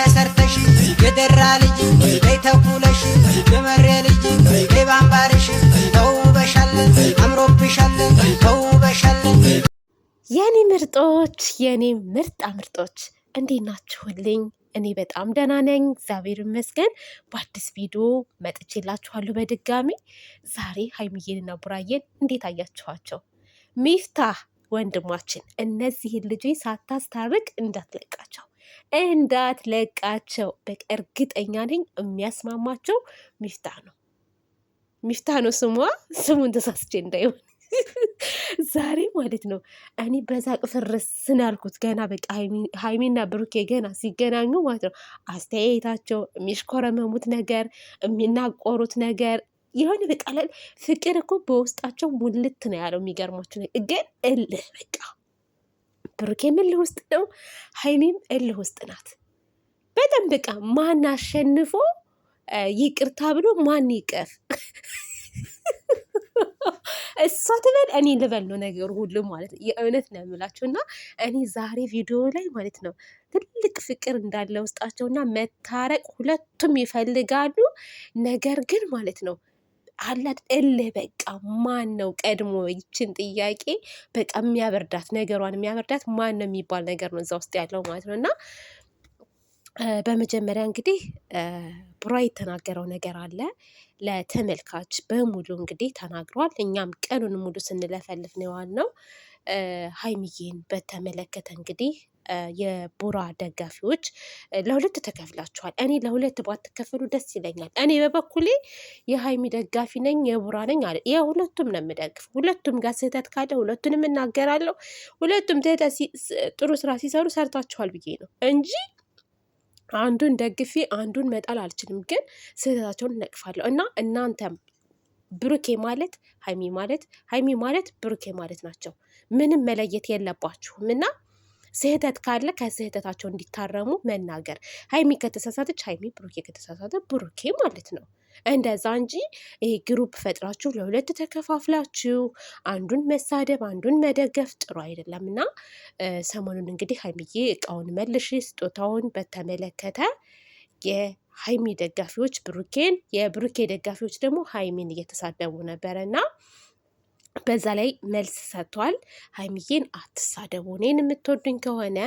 ተሰርተሽ የደራ ልጅ ተኩለሽ የመሬ ልጅ በይ ባምባርሽ ተውበሻለን አምሮብሻለን የኔ ምርጦች የኔ ምርጣ ምርጦች እንዴት ናችሁልኝ? እኔ በጣም ደህና ነኝ፣ እግዚአብሔር ይመስገን። በአዲስ ቪዲዮ መጥቼላችኋለሁ በድጋሚ። ዛሬ ሀይሚዬንና ቡራዬን እንዴት አያችኋቸው? ሚፍታህ ወንድማችን እነዚህን ልጆች ሳታስታርቅ እንዳትለቃቸው እንዳትለቃቸው። በቃ እርግጠኛ ነኝ የሚያስማማቸው ሚፍታ ነው። ሚፍታ ነው ስሟ። ስሙን ተሳስቼ እንዳይሆን ዛሬ ማለት ነው እኔ በዛ ፍርስ ስናልኩት ገና በቃ ሀይሚና ብሩኬ ገና ሲገናኙ ማለት ነው አስተያየታቸው፣ የሚሽኮረመሙት ነገር፣ የሚናቆሩት ነገር የሆነ በቃ ፍቅር እኮ በውስጣቸው ሙልት ነው ያለው። የሚገርማቸው ግን እልህ በቃ ብሩኬም እልህ ውስጥ ነው፣ ሀይሚም እልህ ውስጥ ናት። በጣም በቃ ማን አሸንፎ ይቅርታ ብሎ ማን ይቀር እሷ ትበል እኔ ልበል ነው ነገሩ ሁሉ ማለት ነው። የእውነት ነው የምላችሁ እና እኔ ዛሬ ቪዲዮ ላይ ማለት ነው ትልቅ ፍቅር እንዳለ ውስጣቸው እና መታረቅ ሁለቱም ይፈልጋሉ። ነገር ግን ማለት ነው አላት እልህ በቃ ማን ነው ቀድሞ ይችን ጥያቄ በቃ የሚያበርዳት ነገሯን የሚያበርዳት ማን ነው የሚባል ነገር ነው እዛ ውስጥ ያለው ማለት ነው እና በመጀመሪያ እንግዲህ ቡራ የተናገረው ነገር አለ ለተመልካች በሙሉ እንግዲህ ተናግሯል። እኛም ቀኑን ሙሉ ስንለፈልፍ ነው የዋልነው። ሀይሚዬን በተመለከተ እንግዲህ የቡራ ደጋፊዎች ለሁለት ተከፍላችኋል። እኔ ለሁለት ባትከፈሉ ደስ ይለኛል። እኔ በበኩሌ የሀይሚ ደጋፊ ነኝ፣ የቡራ ነኝ አለ። የሁለቱም ነው የምደግፍ። ሁለቱም ጋር ስህተት ካለ ሁለቱንም እናገራለሁ። ሁለቱም ጥሩ ስራ ሲሰሩ ሰርታችኋል ብዬ ነው እንጂ አንዱን ደግፌ አንዱን መጣል አልችልም። ግን ስህተታቸውን እነቅፋለሁ እና እናንተም ብሩኬ ማለት ሀይሚ ማለት ሀይሚ ማለት ብሩኬ ማለት ናቸው። ምንም መለየት የለባችሁም እና ስህተት ካለ ከስህተታቸው እንዲታረሙ መናገር። ሀይሚ ከተሳሳተች ሀይሚ፣ ብሩኬ ከተሳሳተ ብሩኬ ማለት ነው። እንደዛ እንጂ ይሄ ግሩፕ ፈጥራችሁ ለሁለት ተከፋፍላችሁ አንዱን መሳደብ አንዱን መደገፍ ጥሩ አይደለም እና ሰሞኑን እንግዲህ ሀይሚዬ እቃውን መልሽ ስጦታውን በተመለከተ የሀይሚ ደጋፊዎች ብሩኬን፣ የብሩኬ ደጋፊዎች ደግሞ ሀይሚን እየተሳደቡ ነበረ እና በዛ ላይ መልስ ሰጥቷል። ሀይሚዬን አትሳደቡ፣ እኔን የምትወዱኝ ከሆነ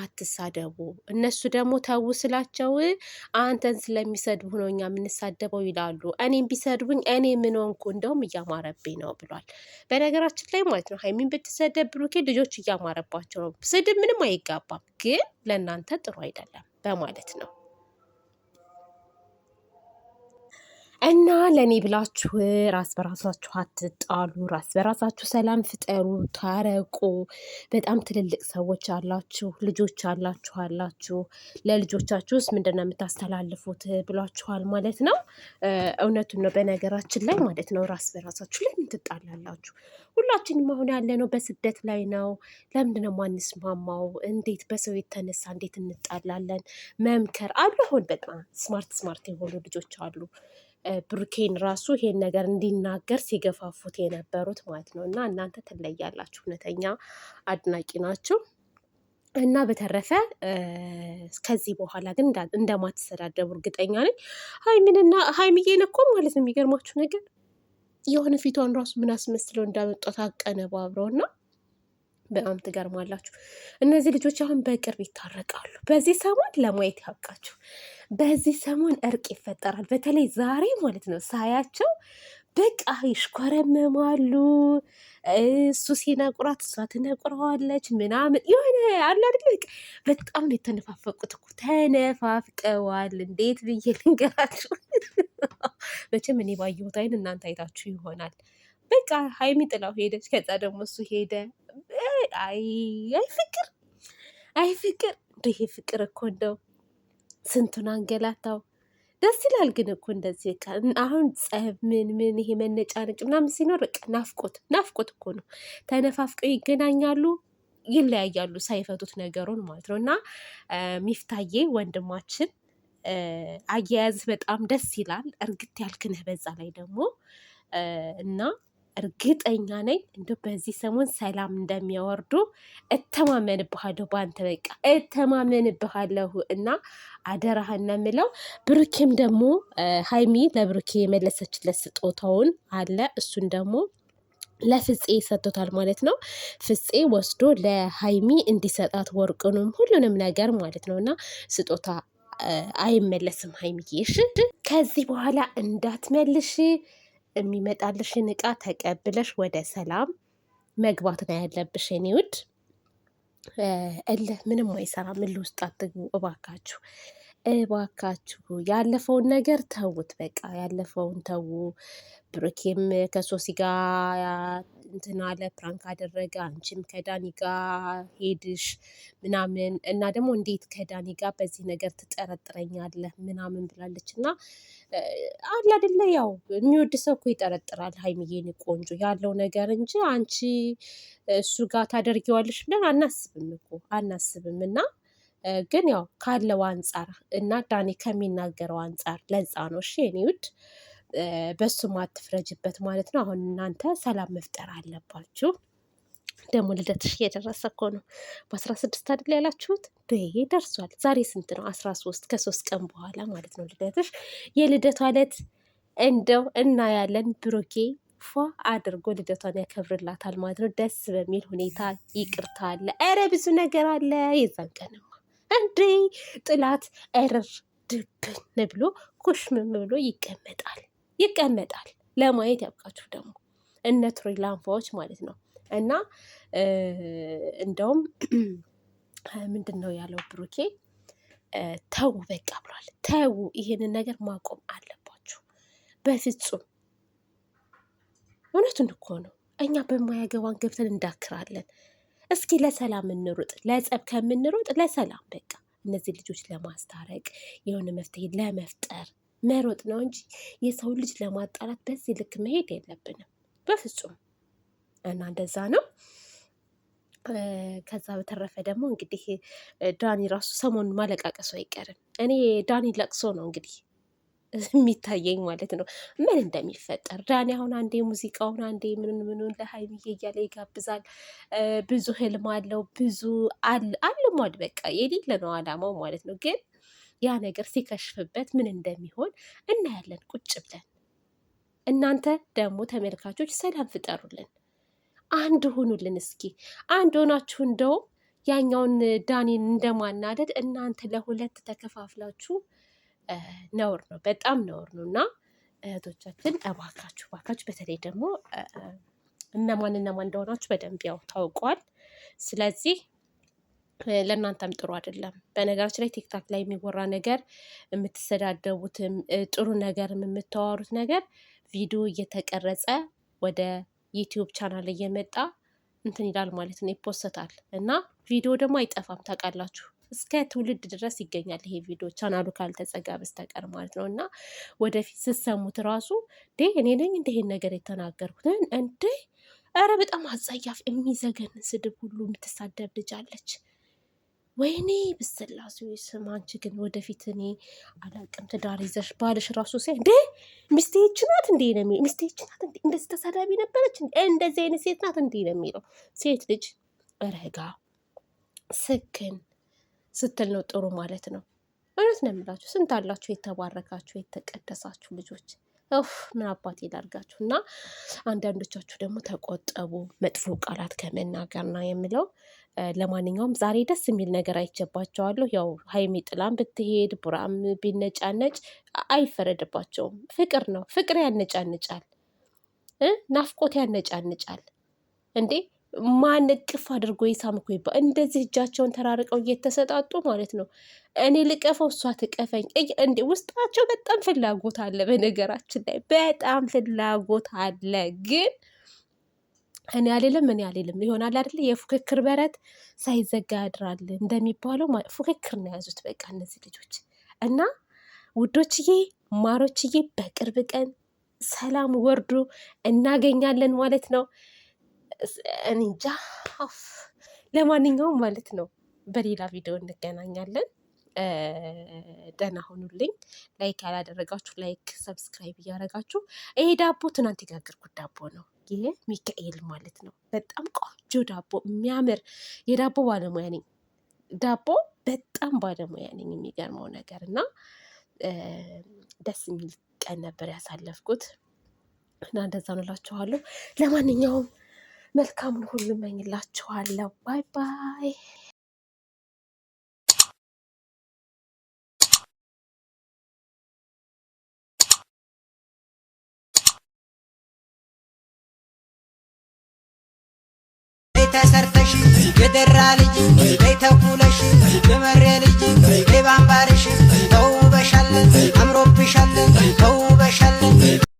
አትሳደቡ፣ እነሱ ደግሞ ተው ስላቸው አንተን ስለሚሰድቡ ነው እኛ የምንሳደበው ይላሉ። እኔም ቢሰድቡኝ እኔ ምን ሆንኩ? እንደውም እያማረብኝ ነው ብሏል። በነገራችን ላይ ማለት ነው ሀይሚን ብትሰደብ ብሩኬ ልጆች እያማረባቸው ነው። ስድብ ምንም አይጋባም፣ ግን ለእናንተ ጥሩ አይደለም በማለት ነው እና ለእኔ ብላችሁ ራስ በራሳችሁ አትጣሉ፣ ራስ በራሳችሁ ሰላም ፍጠሩ፣ ታረቁ። በጣም ትልልቅ ሰዎች አላችሁ፣ ልጆች አላችሁ አላችሁ ለልጆቻችሁስ ምንድን ነው የምታስተላልፉት ብሏችኋል ማለት ነው። እውነቱን ነው በነገራችን ላይ ማለት ነው። ራስ በራሳችሁ ለምን ትጣላላችሁ? ሁላችንም አሁን ያለ ነው በስደት ላይ ነው። ለምንድን ነው ማንስማማው? እንዴት በሰው የተነሳ እንዴት እንጣላለን? መምከር አሉ። አሁን በጣም ስማርት ስማርት የሆኑ ልጆች አሉ ብሩኬን ራሱ ይሄን ነገር እንዲናገር ሲገፋፉት የነበሩት ማለት ነው። እና እናንተ ትለያላችሁ፣ እውነተኛ አድናቂ ናችሁ። እና በተረፈ ከዚህ በኋላ ግን እንደማትሰዳደቡ እርግጠኛ ነኝ። ሀይሚንና ሀይሚዬን እኮ ማለት ነው የሚገርማችሁ ነገር የሆነ ፊቷን ራሱ ምን አስመስለው እንዳመጧት አቀነባብረው እና በጣም ትገርማላችሁ። እነዚህ ልጆች አሁን በቅርብ ይታረቃሉ። በዚህ ሰሞን ለማየት ያብቃችሁ። በዚህ ሰሞን እርቅ ይፈጠራል። በተለይ ዛሬ ማለት ነው ሳያቸው በቃ ይሽኮረመማሉ። እሱ ሲነቁራት እሷ ትነቁረዋለች ምናምን የሆነ አለ አይደል? በጣም ነው የተነፋፈቁት እኮ ተነፋፍቀዋል። እንዴት ብዬ ልንገራችሁ? መቼም እኔ ባየሁት አይን እናንተ አይታችሁ ይሆናል። በቃ ሀይሚ ጥላው ሄደች። ከዛ ደግሞ እሱ ሄደ። አይ ፍቅር አይ ፍቅር ይሄ ፍቅር እኮ እንደው ስንቱን አንገላታው። ደስ ይላል ግን እኮ እንደዚህ አሁን ጸብ ምን ምን ይሄ መነጫነጭ ምናምን ሲኖር ናፍቆት ናፍቆት እኮ ነው። ተነፋፍቀው ይገናኛሉ፣ ይለያያሉ ሳይፈቱት ነገሩን ማለት ነው። እና ሚፍታዬ ወንድማችን አያያዝህ በጣም ደስ ይላል። እርግጥ ያልክንህ በዛ ላይ ደግሞ እና እርግጠኛ ነኝ እንደ በዚህ ሰሞን ሰላም እንደሚያወርዱ እተማመንብሃለሁ። በአንተ በቃ እተማመንብሃለሁ እና አደራህን ነው የምለው። ብሩኬም ደግሞ ሀይሚ ለብሩኬ የመለሰችለት ስጦታውን አለ እሱን ደግሞ ለፍፄ ይሰቶታል ማለት ነው። ፍፄ ወስዶ ለሀይሚ እንዲሰጣት ወርቁንም ሁሉንም ነገር ማለት ነው እና ስጦታ አይመለስም ሀይሚ። እሺ ከዚህ በኋላ እንዳትመልሽ። የሚመጣልሽን እቃ ተቀብለሽ ወደ ሰላም መግባት ነው ያለብሽ። እኔ ውድ እልህ ምንም አይሰራም። እልህ ውስጥ አትግቡ እባካችሁ፣ እባካችሁ። ያለፈውን ነገር ተዉት፣ በቃ ያለፈውን ተዉ። ብሩኬም ከሶሲ ጋር እንትን አለ ፕራንክ አደረገ፣ አንቺም ከዳኒ ጋር ሄድሽ ምናምን እና ደግሞ እንዴት ከዳኒ ጋር በዚህ ነገር ትጠረጥረኛለህ ምናምን ብላለች። እና አለ አይደለ ያው የሚወድ ሰው እኮ ይጠረጥራል። ሀይሚዬን ቆንጆ ያለው ነገር እንጂ አንቺ እሱ ጋር ታደርጊዋለሽ ብለን አናስብም እኮ አናስብም እና ግን ያው ካለው አንጻር እና ዳኒ ከሚናገረው አንጻር ለዛ ነው እሺ እኔ ውድ በሱ አትፍረጅበት ማለት ነው። አሁን እናንተ ሰላም መፍጠር አለባችሁ። ደግሞ ልደትሽ እየደረሰ እኮ ነው። በአስራ ስድስት አይደል ያላችሁት? ደርሷል። ዛሬ ስንት ነው? አስራ ሶስት ከሶስት ቀን በኋላ ማለት ነው ልደትሽ። የልደቷ ዕለት እንደው እናያለን ብሩኬ ፏ አድርጎ ልደቷን ያከብርላታል ማለት ነው። ደስ በሚል ሁኔታ ይቅርታ አለ፣ ኧረ ብዙ ነገር አለ። የዛን ቀንማ እንዴ ጥላት እርር ድብን ብሎ ኩሽምም ብሎ ይቀመጣል። ይቀመጣል። ለማየት ያብቃችሁ ደግሞ እነ ቱሪን ላንፋዎች ማለት ነው። እና እንደውም ምንድን ነው ያለው ብሩኬ ተዉ በቃ ብሏል። ተዉ ይሄንን ነገር ማቆም አለባችሁ በፍጹም። እውነቱን እኮ ነው። እኛ በማያገባን ገብተን እንዳክራለን። እስኪ ለሰላም እንሩጥ፣ ለጸብ ከምንሩጥ ለሰላም በቃ እነዚህ ልጆች ለማስታረቅ የሆነ መፍትሄ ለመፍጠር መሮጥ ነው እንጂ የሰው ልጅ ለማጣላት በዚህ ልክ መሄድ የለብንም በፍጹም። እና እንደዛ ነው። ከዛ በተረፈ ደግሞ እንግዲህ ዳኒ ራሱ ሰሞኑን ማለቃቀሱ አይቀርም። እኔ ዳኒ ለቅሶ ነው እንግዲህ የሚታየኝ ማለት ነው፣ ምን እንደሚፈጠር ዳኒ አሁን አንዴ ሙዚቃውን አንዴ ምኑን ምኑን ለሀይሚዬ እያለ ይጋብዛል። ብዙ ህልም አለው ብዙ አልሟል። በቃ የሌለ ነው አላማው ማለት ነው ግን ያ ነገር ሲከሽፍበት ምን እንደሚሆን እናያለን ቁጭ ብለን። እናንተ ደግሞ ተመልካቾች ሰላም ፍጠሩልን፣ አንድ ሁኑልን። እስኪ አንድ ሆናችሁ እንደው ያኛውን ዳኒን እንደማናደድ እናንተ ለሁለት ተከፋፍላችሁ ነውር ነው፣ በጣም ነውር ነው። እና እህቶቻችን እባካችሁ እባካችሁ፣ በተለይ ደግሞ እነማን እነማን እንደሆናችሁ በደንብ ያው ታውቋል። ስለዚህ ለእናንተም ጥሩ አይደለም። በነገራችን ላይ ቲክታክ ላይ የሚወራ ነገር የምትሰዳደቡትም ጥሩ ነገርም የምታዋሩት ነገር ቪዲዮ እየተቀረጸ ወደ ዩቲዩብ ቻናል እየመጣ እንትን ይላል ማለት ነው፣ ይፖሰታል እና ቪዲዮ ደግሞ አይጠፋም ታውቃላችሁ። እስከ ትውልድ ድረስ ይገኛል ይሄ ቪዲዮ ቻናሉ ካልተጸጋ በስተቀር ማለት ነው። እና ወደፊት ስትሰሙት ራሱ ዴ እኔ ነኝ እንደ ይሄን ነገር የተናገርኩት እንዴ፣ ኧረ በጣም አጸያፍ የሚዘገን ስድብ ሁሉ የምትሳደብ ልጅ አለች። ወይኔ ብስላሴ ስም አንቺ ግን ወደፊት እኔ አላቅም ትዳር ይዘሽ ባልሽ ራሱ ሲያ እንዴ ሚስቴች ናት እንዴ ነው ሚስቴች ናት እንዴ እንደዚህ ተሳዳቢ ነበረች እንደዚህ አይነት ሴት ናት እንዴ ነው የሚለው ሴት ልጅ ረጋ ስክን ስትል ነው ጥሩ ማለት ነው እውነት ነው የምላችሁ ስንት አላችሁ የተባረካችሁ የተቀደሳችሁ ልጆች ምን አባቴ ላድርጋችሁ እና አንዳንዶቻችሁ ደግሞ ተቆጠቡ መጥፎ ቃላት ከመናገር ነው የምለው ለማንኛውም ዛሬ ደስ የሚል ነገር አይቼባቸዋለሁ። ያው ሀይሚ ጥላም ብትሄድ ቡራም ቢነጫነጭ አይፈረድባቸውም። ፍቅር ነው። ፍቅር ያነጫንጫል፣ ናፍቆት ያነጫንጫል። እንዴ ማን እቅፍ አድርጎ ይሳም እኮ እንደዚህ እጃቸውን ተራርቀው እየተሰጣጡ ማለት ነው። እኔ ልቀፈው እሷ ትቀፈኝ። እንዴ ውስጣቸው በጣም ፍላጎት አለ። በነገራችን ላይ በጣም ፍላጎት አለ ግን እኔ አልልም እኔ አልልም ይሆናል አይደለ? የፉክክር በረት ሳይዘጋ ያድራል እንደሚባለው ፉክክር ነው የያዙት በቃ እነዚህ ልጆች እና ውዶችዬ፣ ማሮችዬ በቅርብ ቀን ሰላም ወርዱ እናገኛለን ማለት ነው። እንጃ ለማንኛውም ማለት ነው በሌላ ቪዲዮ እንገናኛለን። ደህና ሆኑልኝ። ላይክ ያላደረጋችሁ ላይክ፣ ሰብስክራይብ እያደረጋችሁ ይሄ ዳቦ ትናንት የጋገርኩት ዳቦ ነው። ሚካኤል ማለት ነው። በጣም ቆንጆ ዳቦ የሚያምር የዳቦ ባለሙያ ነኝ። ዳቦ በጣም ባለሙያ ነኝ። የሚገርመው ነገር እና ደስ የሚል ቀን ነበር ያሳለፍኩት እና እንደዛ ነው ለማንኛውም መልካሙን ሁሉ እመኝላችኋለሁ። ባይ ባይ ተሰርተሽ የደራ ልጅ በይ ተኩለሽ የመሬ ልጅ በይ ባምባርሽ ተውበሻለን አምሮብሻለን ተውበሻለን